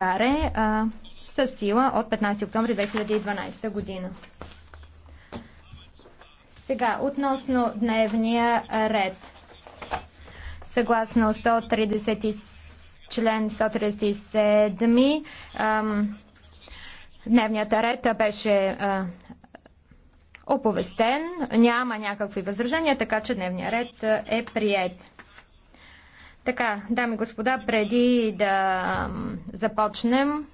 Аре с сила от 15 октомври 2012 година. Сега, относно дневния ред. Съгласно 130, член 137, дневният ред беше оповестен. Няма някакви възражения, така че дневният ред е прият. Така, дами и господа, преди да започнем,